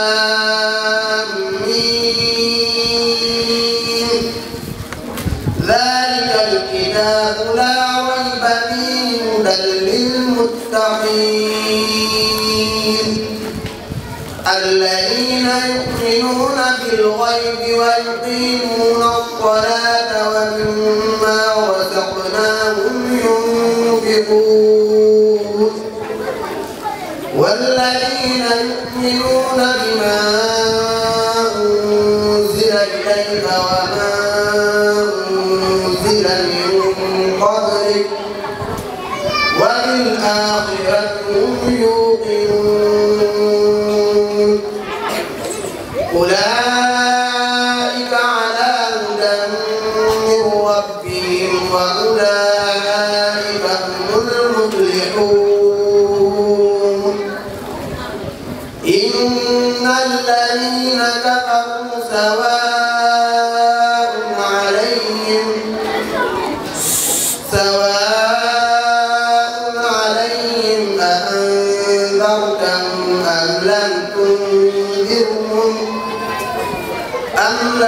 آمين ذلك الكتاب لا ريب فيه هدى للمتقين الذين يؤمنون بالغيب ويقيمون الصلاة ومما رزقناهم ينفقون والذين يؤمنون الآخرة هم أمن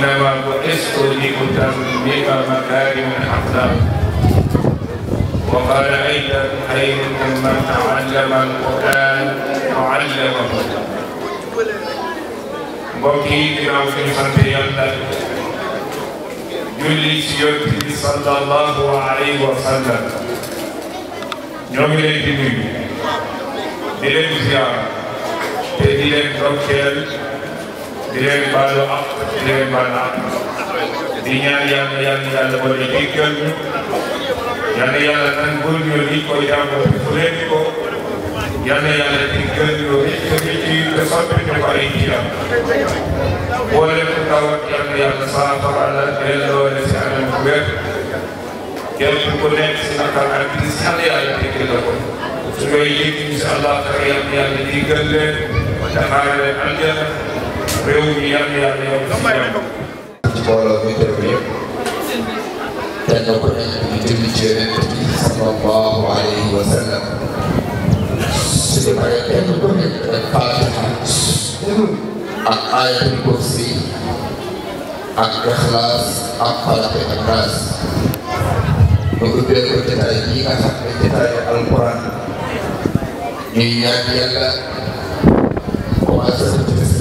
إنما بؤست لأتمك مكارم الحق وقال أيضا خير ممن تعلم القرآن تعلمه وكيف في خطي الله جلس يبكي صلى الله عليه وسلم جملة جميلة دلم زيارة دلم رخيل di leen baalu ak di leen baal ak di ñaan yàlla yàlla yàlla ba di jéggal ñu yàlla yàlla nangul ñu li ko jàngal fu leen ko yàlla yàlla jéggal ñu rëcc rëcc te soppi ñu ko ay jiiram boolem tawat yàlla yàlla saafara la delloo la si anam bu wér kenn ku nekk si naqar ak gis yàlla yàlla jéggal la ko su ngay yëg incha allah yàlla yàlla jéggal leen damaa leen aljana réew mi yàlla yàlla yàlla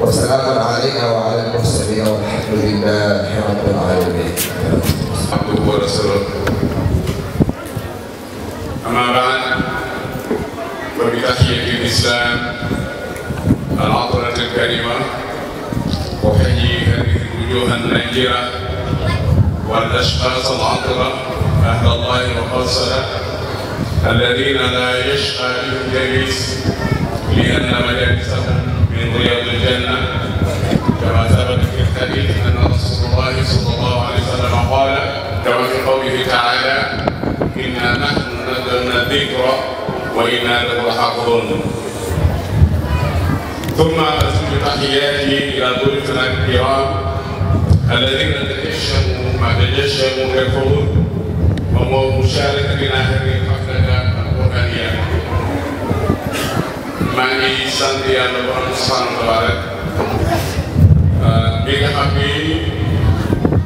وسلام عليها وعلى المرسلين والحمد لله رب العالمين. عبده ورسوله. أما بعد فبتحية الإسلام العطرة الكريمة أحيي هذه الوجوه النيرة والأشخاص العطرة أهل الله وقصده الذين لا يشقى بهم جليس لأن مجالسهم من رياض الجنة كما ثبت في الحديث أن رسول الله صلى الله عليه وسلم قال كما في قوله تعالى إنا نحن نزلنا الذكر وإنا له لحافظون ثم أسلم تحياتي إلى ضيوفنا الكرام الذين تجشموا ما تجشموا يكفرون من اهل maa ngi sant bu am subhaanahu wa taala xam ni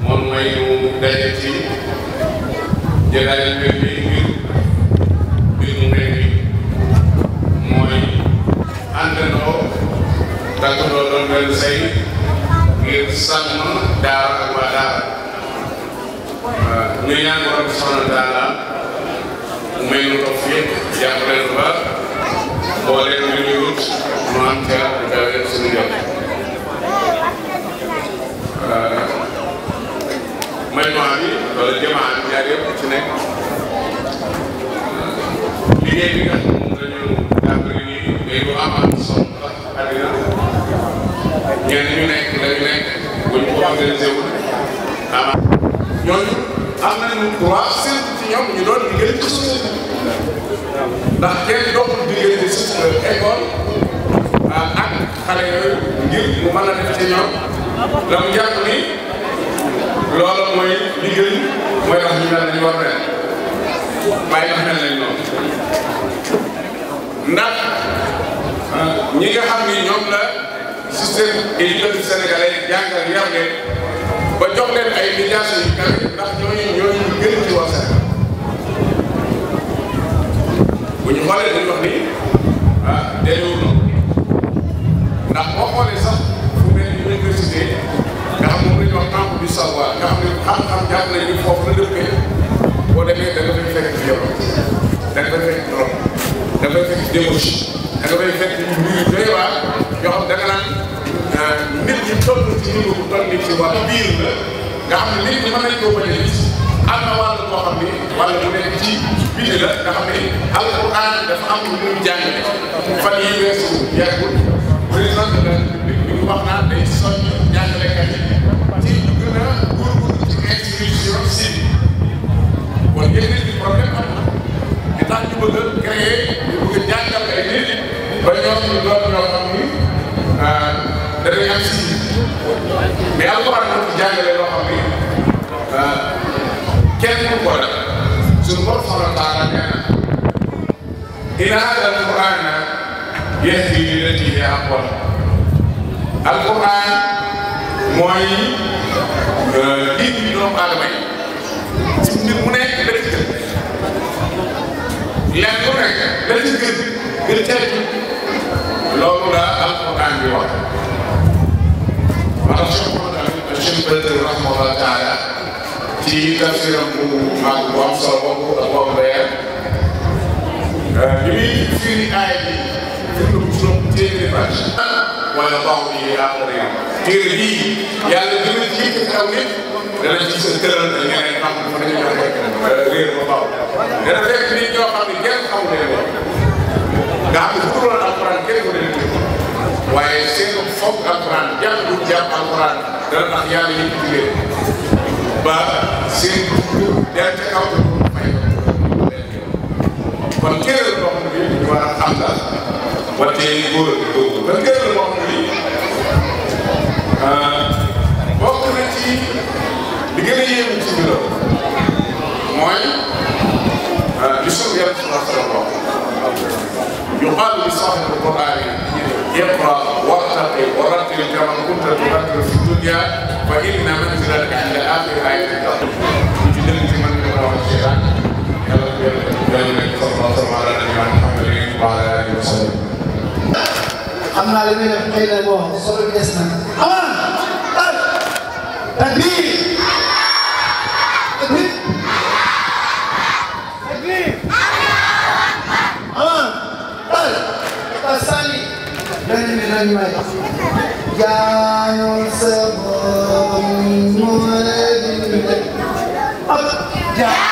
moom mooy mu daje ci jëlaale mbir mi mu mel ni mooy àndandoo dakkandoo doon benn say ngir sàmm daara ak waa daara ñu ñaan borom subhaanahu wa taala may nu ko fi jàppale mbooleem lu ñuy wut mu am ca lu kawe suñu jot euh, majmaa bi wala jamaa bi ñaar yëpp ci nekk euh, liggéey bi nga xam ne ñu day lu am am solo ndax àddina ñenn ñu nekk lañu nekk buñ ko organisé wul am ñooñu am nañu droit seen ci ñoom ñu doon liggéey ci suñu ndax kenn doxul diggante si école ak xale yooyu ngir mu mën a def ci ñoom la mu jàpp ni loolu mooy liggéey mooy wax ñu mel nañu war ren waaye ndax mel nañ noonu ndax ñi nga xam ni ñoom la système éducatif sénégalais jàngal yar leen ba jox leen ay médiation yu kawe ndax ñooñu ñooñu bu ñu xoolee dañu wax ni ah demeewul noonu ndax boo xoolee sax fu mel ni université nga xam moom la ñuy wax temple du savoir nga xam ne xam-xam jàpp nañ ni foofu la dëkkee boo demee da nga fay fekk violence da nga fay fekk drogue da nga fay fekk débauche da nga fay fekk luy doy waar yoo xam da nga naan ah, nit ñi toll ci niveau bu toll nii ci wàllu biir la nga xam ne nit ñi mën nañ koo bañ a gis am na wàll boo xam ne wala mu nekk ci bind la nga xam ne alquran dafa am lu muy jàngale fan yii weesu yàggul président de la République bi wax naan day soññ jàngalekat yi ci ñu gën a góorgóorlu ci institution si kon yéen di problème am na tax ñu bëgg a créer ñu bëgg a jàngal ay nit ba ñoom ñu doon ñoo xam ni ah, da ngay am si mais alquran dafa jàngale loo xam ne kenn ku ko def suñu borom subhanahu wa taala nee na inna haadal qur'aana yahdii lillatii hiya aqwam alquran mooy diin bi doomu aadama yi ci mbir mu nekk dana ci gën leen ku nekk dana ci gën gën teetu loolu la alquran bi wax. maanaam suñu borom daal di ko suñu bëri rahmatulah taala ci tafsiram bu mag bu am solo boobu ak boobu weer euh, li muy firi aay bi firi bu juróom téeméeri page wala baw bi yi après téere bii yàlla dina ci yëkkati aw nit dana ci sa tëral ak ñeneen xam ne dañu ñëw rek réer ba baw dana fekk nit ñoo xam ne kenn xamu leen woon nga xam ne bu dul woon alquran kenn ko leen waaye seen foog alquran jàng du jàpp alquran dana tax yàlla yëkkati leen ba seen dugub del ca kaw te fay kon ngëneel boo xam ne ñu war a xam la wante góor a dugg ba ngëneel boo xam ne ah, bokk na ci li gën a yéemu ci biir mooy ah, li suñu yàlla ci wax la bokk ñu xool li soxla ko اقرأ وارتقي ورتل كما كنت ترتل في الدنيا فإن منزلك عند آخر آية الكتاب. وجدت من يقرأ الشيطان يا رب يا رب صلى الله على نبينا محمد وعلى آله وسلم. xam naa li muy def xëy na bon solo des na. amaan Yeah.